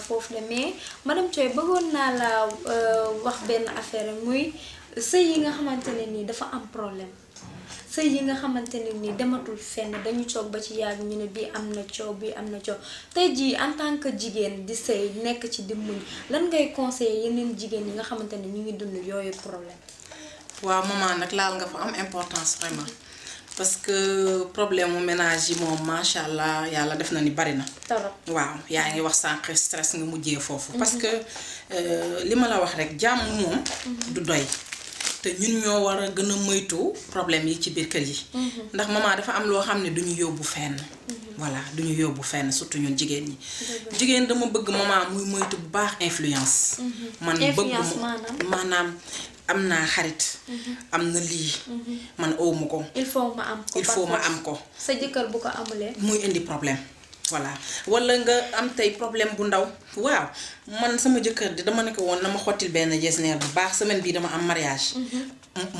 foofu la mais madame Thioye bëggoon naa la euh, wax benn affaire muy sëy yi nga xamante ne nii dafa am problème sëy yi nga xamante ne nii dematul fenn dañu coog ba ci yàgg ñu ne bii am na coow bii am na coow tey jii en tant que jigéen di sëy nekk ci di muñ lan ngay conseiller yeneen jigéen yi nga xamante ne ñu ngi dund yooyu problème. waaw maman nag laal nga fa am importance vraiment. parce que problème au ménage yi moom macha allah yàlla def na ni bari na. waaw yaa ngi wax sànq stress nga mujjé fofu mhm. parce que euh lima la wax rek jàmm mom mhm. du doy. té ñun ñoo wara gëna gën moytu problème yi ci biir kër yi. Mhm. ndax maman dafa am lo xamné duñu yobbu fenn. voilà duñu yobbu fenn surtout ñun jigen ñi. jigen dama bëgg maman muy moytu bu baax influence. man bëgg manam am naa xarit. Mhm. am na lii. Mhm. man awuma ko. il faut ma am ko il faut ma am ko. sa jëkkër bu ko amulee. muy indi problème voilà wala nga am tey problème bu ndaw. waaw man sama jëkkër di dama ne ko woon na ma xottil benn jesneer bu baax semaine bii dama am mariage. Mhm.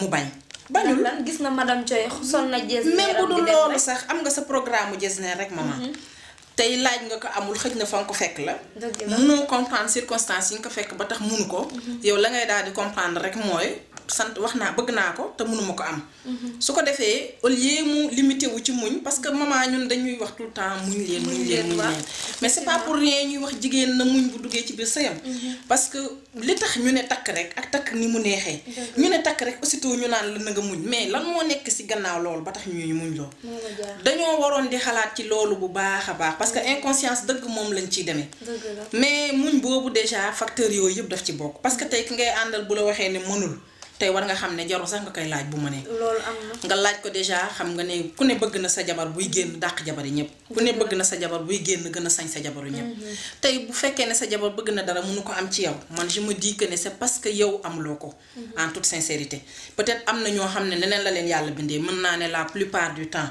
mu bañ. bañul la gis na madame Thioye sol na jesneer même bu dul loolu am nga sa programme mu jesneer rek maman. tey laaj nga ko amul xëj na fa nga ko fekk la. noo comprendre circonstances yi nga ko fekk ba tax munu ko. Mhm. yow la ngay daal di comprendre rek mooy. sant wax naa bëgg naa ko te mënuma ko am. Mhm. su ko defee au lieu mu limité wu ci muñ parce que maman ñun dañuy wax tout temps muñ leen. muñ leen muñ leen ñuy wax jigéen na muñ bu duggee ci biir sëyam. Mhm. parce que li tax ñu ne takk rek ak takk ni mu neexee. ñu ne takk rek aussitôt ñu naan la na nga muñ mais lan si gannaaw loolu ba tax ñuy muñ lool. dañoo waroon di xalaat ci loolu bu baax a baax parce que mhm. inconscience dëgg moom lañ ciy demee. mais muñ boobu déjà facteurs yooyu yëpp daf ci bokk parce que tey ki ngay àndal bu la waxee ne mënul. tey war nga xam ne jarul sax nga koy laaj bu ma mënee. loolu am na nga laaj ko déjà xam nga ne ku ne bëgg na sa jabar buy génn dàq jabar yi ñëpp. ku ne bëgg na sa jabar buy génn gën a sañ sa jabaru ñëpp. Mhm. tey bu fekkee ne sa jabar bëgg na dara mënu ko am ci yow man je me dis que ne c'est parce que yow amuloo ko. Mhm. en toute sincérité peut-être am na ñoo xam ne leneen la leen yàlla bindee mën naa ne la plupart du temps.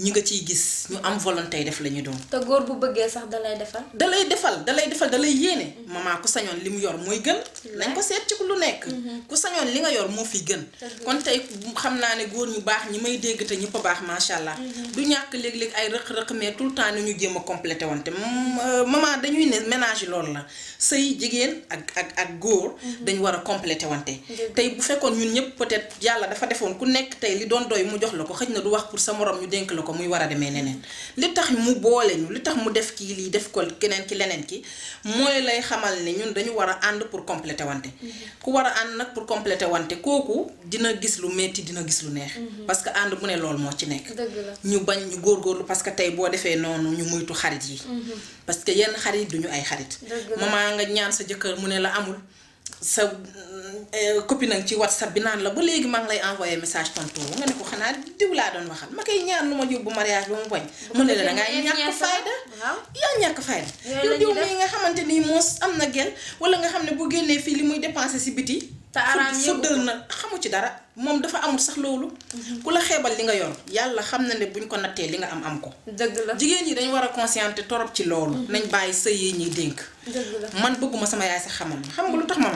ñi nga ciy gis ñu am volonté def la ñu doon. te góor bu bëggee sax da lay defal. da lay defal da lay defal da lay yéene. Mm-hmm. maman ku sañoon li mu yor mooy gën. nañ ko seet ci lu nekk. Mm-hmm. ku sañoon li nga yor moo fi gën. kon tey xam naa ne góor ñu baax ñi may dégg te ñëpp a baax macha allah. Mm-hmm. du ñàkk léeg-léeg ay rëq-rëq mais tout le temps ñu jéem a complété wante euh, maman dañuy ne ménage loolu la sëy jigéen ak ak ak góor. dañu war a complété wante. tey bu fekkoon ñun ñëpp peut-être yàlla dafa defoon ku nekk tey li doon doy mu jox la ko xëj na du wax pour sa morom ñu denk la na ko muy war a demee neneen li tax mu boole ñu li tax mu def kii lii def ko keneen ki leneen ki mooy lay xamal ne ñun dañu war a ànd pour compléter wante. Mhm. ku war a ànd nag pour compléter wante kooku dina gis lu metti dina gis lu neex. Mhm. parce que ànd bu ne lool moo ci nekk. ñu bañ ñu góorgóorlu parce que tey boo defee noonu ñu muytu xarit yi. Mhm. parce yenn xarit duñu ay xarit. maman nga ñaan sa jëkkër mu ne la amul. sa mm, eh, copie nag ci whatsapp bi naan la ba léegi maa lay envoyé message tontu nga ne ko xanaa diw laa doon waxal ma koy ñaan lu ma bu mariage ba mu bañ. mu ne la da ngaa ñàkk fayda. waaw yaa ñàkk fayda. yow diw mi nga xamante ni moos am na genn wala nga xam ne bu génnee fii li muy dépensé si biti. te araam fuddal na xamu ci dara moom dafa amul sax loolu. Mhm. ku la xeebal li nga yoon yàlla xam na ne buñ ko nattee li nga am am ko. dëgg la jigéen ñi dañ war a consciente torop ci loolu. Mhm. nañ bàyyi sëy yi ñuy dénk. man bëgguma sama yaay sax xamal xam nga lu tax ma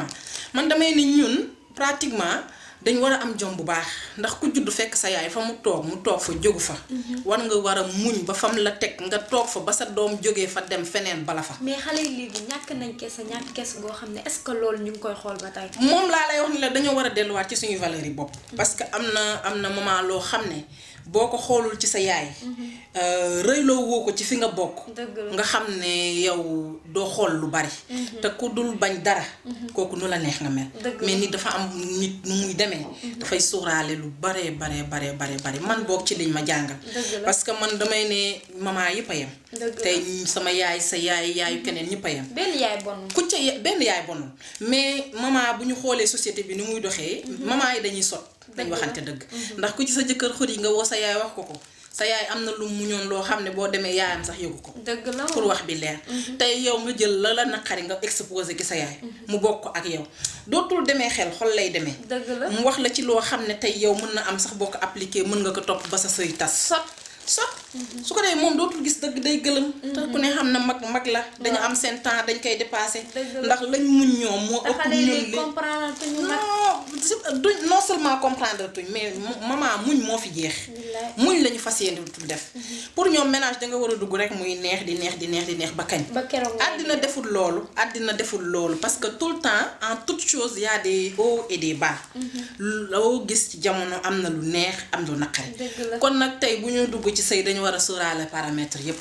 man damay ni ñun pratiquement. dañu war a am jom bu baax ndax ku juddu fekk sa yaay fa mu toog mu toog fa jóg fa. Mhm. war nga war a muñ ba fam la teg nga toog fa ba sa doom jógee fa dem feneen bala fa. mais xale yi léegi ñàkk nañ kees ñàkk kees goo xam ne est-ce que loolu ñu ngi koy xool ba tey. moom laa lay wax la dañoo war a delluwaat ci suñu valeur yi bopp. Mhm. parce que am na am na moment loo xam ne. boo ko xoolul ci sa yaay. Mm-hmm. Euh, rëyloo woo ko ci fi nga bokk. nga xam ne yow doo xool lu bari. Mm-hmm. te ku dul bañ dara. Mm-hmm. kooku nu la neex nga mel. mais nit dafa am nit nu muy demee. dafay suuraale lu baree baree baree bari baree man boog ci liñ ma jàngal. parce que man damay ne maman yëpp yem. te sama yaay sa yaay yaayu keneen ñëpp a yem. benn yaay bonul ku ca benn yaay bonul mais maman bu ñu xoolee société bi ni muy doxee. maman yi dañuy sot. dañ waxante dëgg mhm. ndax ku ci sa jëkkër xur yi nga woo sa yaay wax ko ko sa yaay am na lu mu ñoon loo xam ne boo demee yaayam sax yëgu ko dëgg la pour wax bi leer mhm. tey yow nga jël la la naqari nga exposé ki sa yaay mhm. mu bokk ko ak yow dootul demee xel xol lay demee dëgg la mu wax la ci loo xam ne tey yow mën na am sax boo ko appliqué mën nga ko topp ba sa sëy tas sax mhm. su ko dee moom dootul gis deug day geuleum mhm. te ku ne xamna mag mag la dañu am sen temps dañ koy dépasser ndax lañ muñ ñoom moo ëpp ñun non duñ non seulement comprendre tuñ mais mama muñ mo fi jeex muñ lañu ñu fas yéene def mhm. pour ñoom ménage da nga wara a dugg rek muy neex di neex di neex di neex ba kañ àddina deful lolu adina deful lolu parce que tout le temps en toute chose il y a des hauts et des bas loo gis ci jamono amna lu neex am lu nakari kon nak tay buñu ñu dugg ci sëy dañu war a sóoraale paramètres yépp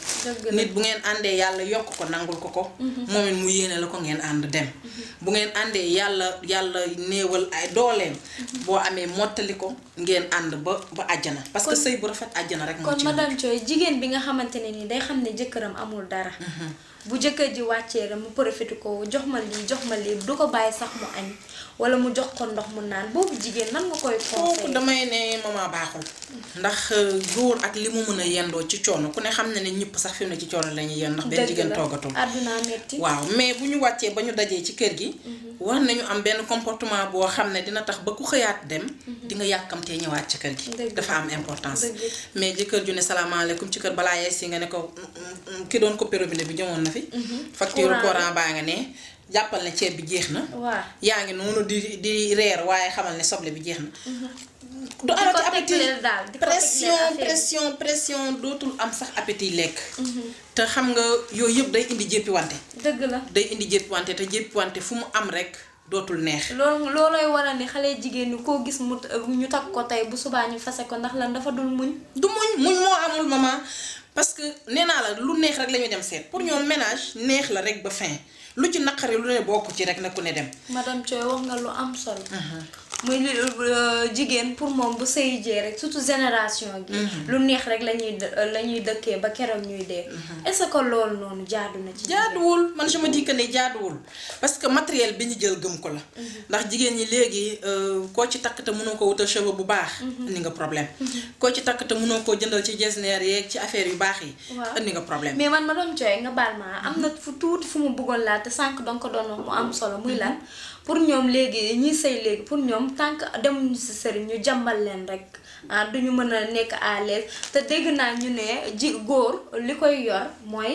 nit bu ngeen àndee yàlla yokk ko nangul ko ko mhm. moom it mu yéene la ko ngeen ànd dem mhm. bu ngeen àndee yàlla yàlla néewal ay dooleem mhm. boo amee mottali ko ngeen ànd ba ba àjjana parce que sëy bu rafet àjjana rek moo a kon jigéen bi nga xamante ne nii day xam ne jëkkëram amul dara bu jëkkër ji wàccee rek mu profité ko jox ma lii jox ma lii du ko bàyyi sax mu añ wala mu jox ko ndox mu naan boobu jigéen nan nga koy conseillé damay ne mama baaxul ndax euh, góor ak li mu mën a yendoo ci coono ku ne xam na ne ñëpp sax fi mu ne ci coono la ñuy yenn ndax benn jigéen toogatul waaw mais bu ñu wàccee ba ñu dajee ci kër gi mhm. war nañu am benn comportement boo xam ne dina tax ba ku xëyaat dem mhm. dinga yàkkamtee ñëwaat ci kër gi dafa am importance mais jëkkër ju ne salaamaaleykum ci kër balaa yees yi nga ne ko mm, mm, mm, ki doon coupé robinet bi jëmoon na fi mhm. facture courant baa nga ne jàppal na ceeb bi jeex na. waa yaa ngi noonu di di reer waaye xamal ne soble bi jeex na. du amati appétit pression dootul am sax appétit lekk. Mhm. te xam nga yooyu yëpp day indi jéppi wante. dëgg la day indi jéppi wante te jéppi wante fu mu am rek. dootul neex. loolu loolooy waral ni xale jigéen ñi koo gis mu ñu takk ko tey bu subaa ñu fase ko ndax lan dafa dul muñ. du muñ muñ moo amul maman parce que nee la lu neex rek lañu dem seen pour ñoom ménage neex la rek ba fin lu ci naqari lu ne bokk ci rek na ku ne dem. madame Thioye wax nga lu am solo. Mhm. muy jigéen pour moom bu sëy jee rek surtout génération gi mm-hmm. lu neex rek lañuy la ñuy dëkkee ba keroog ñuy dee mm-hmm. est-ce que loolu noonu jaadu na ci jaaduwul man su ma dikk que ne jaaduwul parce que matériel bi ñu jël gëm ko la mm-hmm. ndax jigéen ñi léegi euh, koo ci takk te mënoo ko wutal cheveux bu baax indi nga problème koo ci takk te noo koo jëndal ci gestionnaire yee ci affaire yu baax yi ndi nga problème mais man ma doon cooy nga baal ma am na fu tuuti fu mu bëggoon laa te sànq danga am solo muy lan pour ñoom léegi ñuy sëy léegi pour ñoom tant que demuñu si sëriñ ñu jàmbal leen rek ah duñu mën a nekk à l'aise te dégg naa ñu ne ji góor li koy yor mooy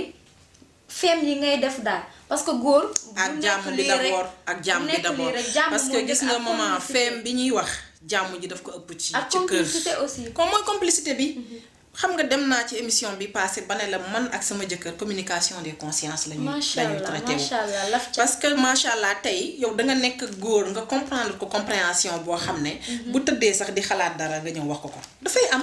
feem yi ngay def daal parce que góor. ak jàmm bi d'abord ak jàmm bi d'abord parce que gis nga moment feem bi ñuy wax jàmm ji daf ko ëpp ci. ci kër ak complicité aussi comme mooy complicité bi. Mhm. xam nga dem naa ci émission bi passé ba ne la man ak sama jëkkër communication des consciences la ñu traité parce que macha allah tey yow da nga nekk góor nga comprendre ko compréhension boo xam ne mhm. bu tëddee sax di xalaat dara nga ñëw wax ko ko dafay am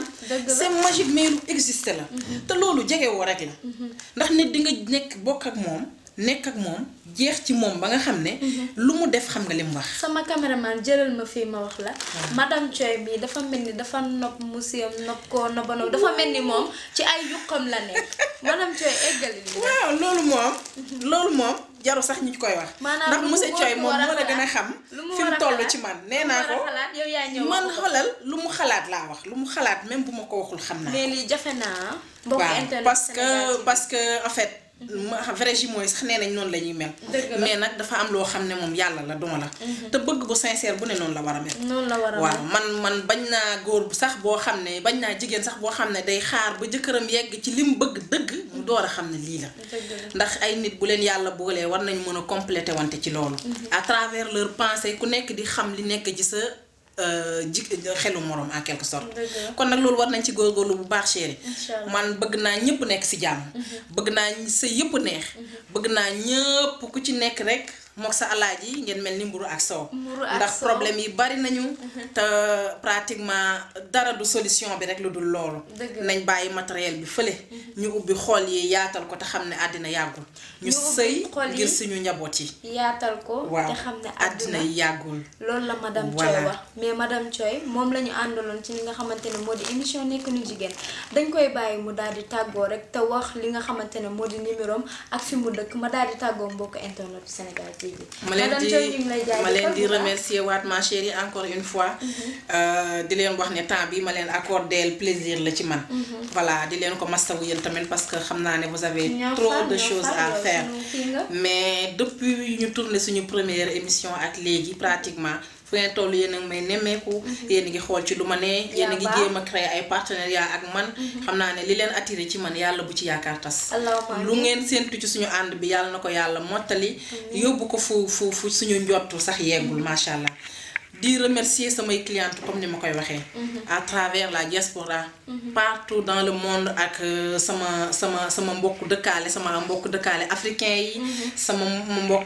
c'est magique mais lu existe la mhm. te loolu jegewoo rek la mhm. ndax nit di nga nekk bokk ak moom nekk ak moom jeex ci moom ba nga xam ne. Mhm. lu mu def xam nga li wax. sama caméraman jëlal ma fii ma wax la. madam Thioye bi dafa mel ni dafa nopp monsieur nopp ko noppandoo dafa mel ni moom ci ay yuqam la nekk madame Thioye eggali li waaw loolu moom. Mhm. loolu moom jaru sax ñu koy wax. ndax monsieur Thioye moom moo la gën a xam. fi mu toll ci man nee naa ko man xolal lu mu xalaat laa wax lu mu xalaat même bu ma ko waxul xam naa. mais lii jafe naa. mbokk internet parce que parce que en ma vrai ji sax nee nañ noonu la ñuy mel. mais nag dafa am loo xam ne moom yàlla la duma la. Mhm. te bëgg bu sincère bu ne noon la war a mel. noonu la war waaw man man bañ naa góor sax boo xam ne bañ naa jigéen sax boo xam ne day xaar ba jëkkëram yegg ci lim bëgg dëgg mu door a xam ne lii la. ndax ay nit bu leen yàlla bëggalee war nañ mën a complété wante ci loolu. Mhm. à travers leur pensée ku nekk di xam li nekk ci sa. Euh, ji xelu moroom en quelque sorte. kon nag loolu war nañ ci góorgóorlu bu baax chéri man bëgg naa ñëpp nekk si jàmm. Mhm. bëgg naa sa yëpp neex. Mhm. bëgg naa ñëpp ku ci nekk rek. mook sa alaaji yi ngeen mel ni mburu ak soow ndax problème yi bari nañu mhm. te pratiquement dara du solution bi rek lu dul loolu nañ bàyyi matériel bi fële mhm. ñu ubbi xool yi yaatal ko te xam ne àddina yàggul ñu sëy ngir suñu njaboot yi yaatal ko waaw xam ne àddina yi yàggul loolu la madame Thioye wax mais madame Thioye moom la ñu àndaloon ci li nga xamante ne moo di émission nekk nu jigéen dañ koy bàyyi mu daal di tàggoo rek te wax li nga xamante ne moo di numéro am ak fi mu dëkk ma daal di tàggoo mbokk internet Sénégal ma leen di ma remercier ma chérie encore une fois. Mhm. Euh, de leen wax ne temps bi ma leen le plaisir la ci man. Mhm. voilà di leen ko mastawu yéen tamit parce que xamna vous avez trop de choses à faire mais depuis ñu tourner suñu première émission ak légui pratiquement. fu ngeen toll yéen a ngi may nemmeeku. Mhm. yéen a ngi xool ci lu ma ne. yéen a ngi jéem a ay partenariat ak man. Mhm. xam naa ne li leen attiré ci man yàlla bu ci yaakaar tas. lu ngeen séentu ci suñu ànd bi yàlla na ko yàlla mottali. yóbbu ko fu fu fu suñu njottu sax yeggul macha allah. di remercier samay clientes comme ni ma koy waxee. Mhm. à travers la diaspora. Mhm. partout dans le monde ak euh, sama sama sama mbokku dëkkaale sama mbokku dëkkaale africain yi. Mhm. sama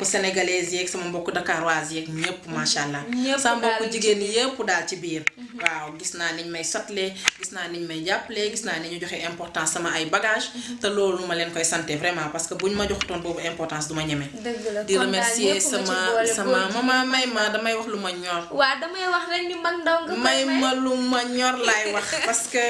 sénégalais yi ak sama mbokku dakaroise yeeg ñëpp macha allah. sama mbokku jigéen yëpp dal ci biir. waaw gis na niñ may sotle gis na niñ may jàppale gis na ni joxé importance sama ay bagages. té loolu ma leen koy santé vraiment parce que buñ ma jox ton bobu importance duma ñëmé di remercier sama sama mama may ma damay wax luma ñor. waa damay wax rek ni mag ndaw nga may ma lu ma ñor laay wax parce que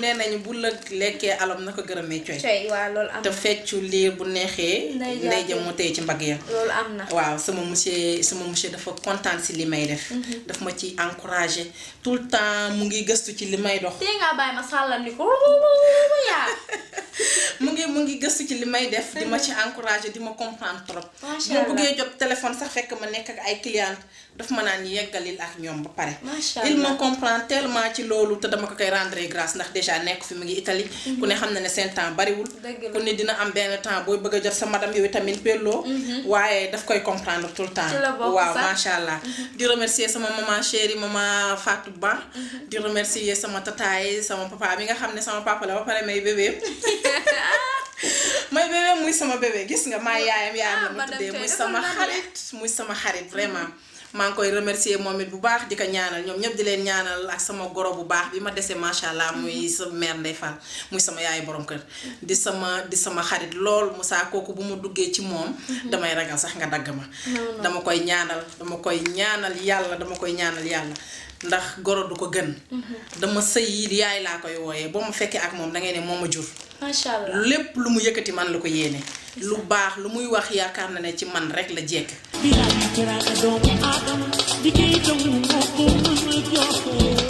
nee bu la lekkee alam nako ko gërëmee coy coy waaw loolu am te feccu liir bu neexee nday ja moo tey ci mbagg ya loolu amna. na waaw sama monsieur sama monsieur dafa kontaan si li may def mhm. daf ma ci encouragé tout le temps mu ngi gëstu ci li may dox tee ngaa bàyyi ma sàllandi ko yaa mu ngi mu ngi gëstu ci li may def di ma ci encouragé di ma comprendre trop bu bëggee jot téléphone sax fekk ma nekk ak ay cliente daf ma naan yeggal lil ak ñoom ba paré il me comprend tellement ci lolu te dama ko koy rendre grâce ndax déjà nek fi mu ngi Italie mhm. ku ne xam na ne seen temps bariwul ku ne dina am benn temps boy bëgg jot sa madame yow tamit belloo mhm. waaye daf koy comprendre tout le temps waaw macha allah mhm. di remercier sama maman chérie maman Fatou Ba di remercier sama tataay sama papa bi nga xam sama papa la ba paré may bébé may bébé muy sama bébé gis nga maa ah, yaayam yaayam la ma muy sama xarit muy sama xarit vraiment maa ngi koy remercier moom it bu baax di ko ñaanal ñoom ñëpp di leen ñaanal ak sama goro bu baax bi ma dese macha allah muy mhm. sa mère Ndeye Fall muy sama yaay borom kër di sama di sama xarit lool Moussa kooku bu mu duggee ci moom. Mhm. damay ragal sax nga dagg ma. dama koy ñaanal dama koy ñaanal yàlla dama koy ñaanal yàlla. ndax goro du ko gën. Mhm. dama sëy yaay laa koy wooyee boo ma fekkee ak moom da ngay ne moo ma jur. macha allah lépp lu mu yëkkati man la ko yéene. lu baax lu muy wax yaakaar na ne ci man rek la jekk bi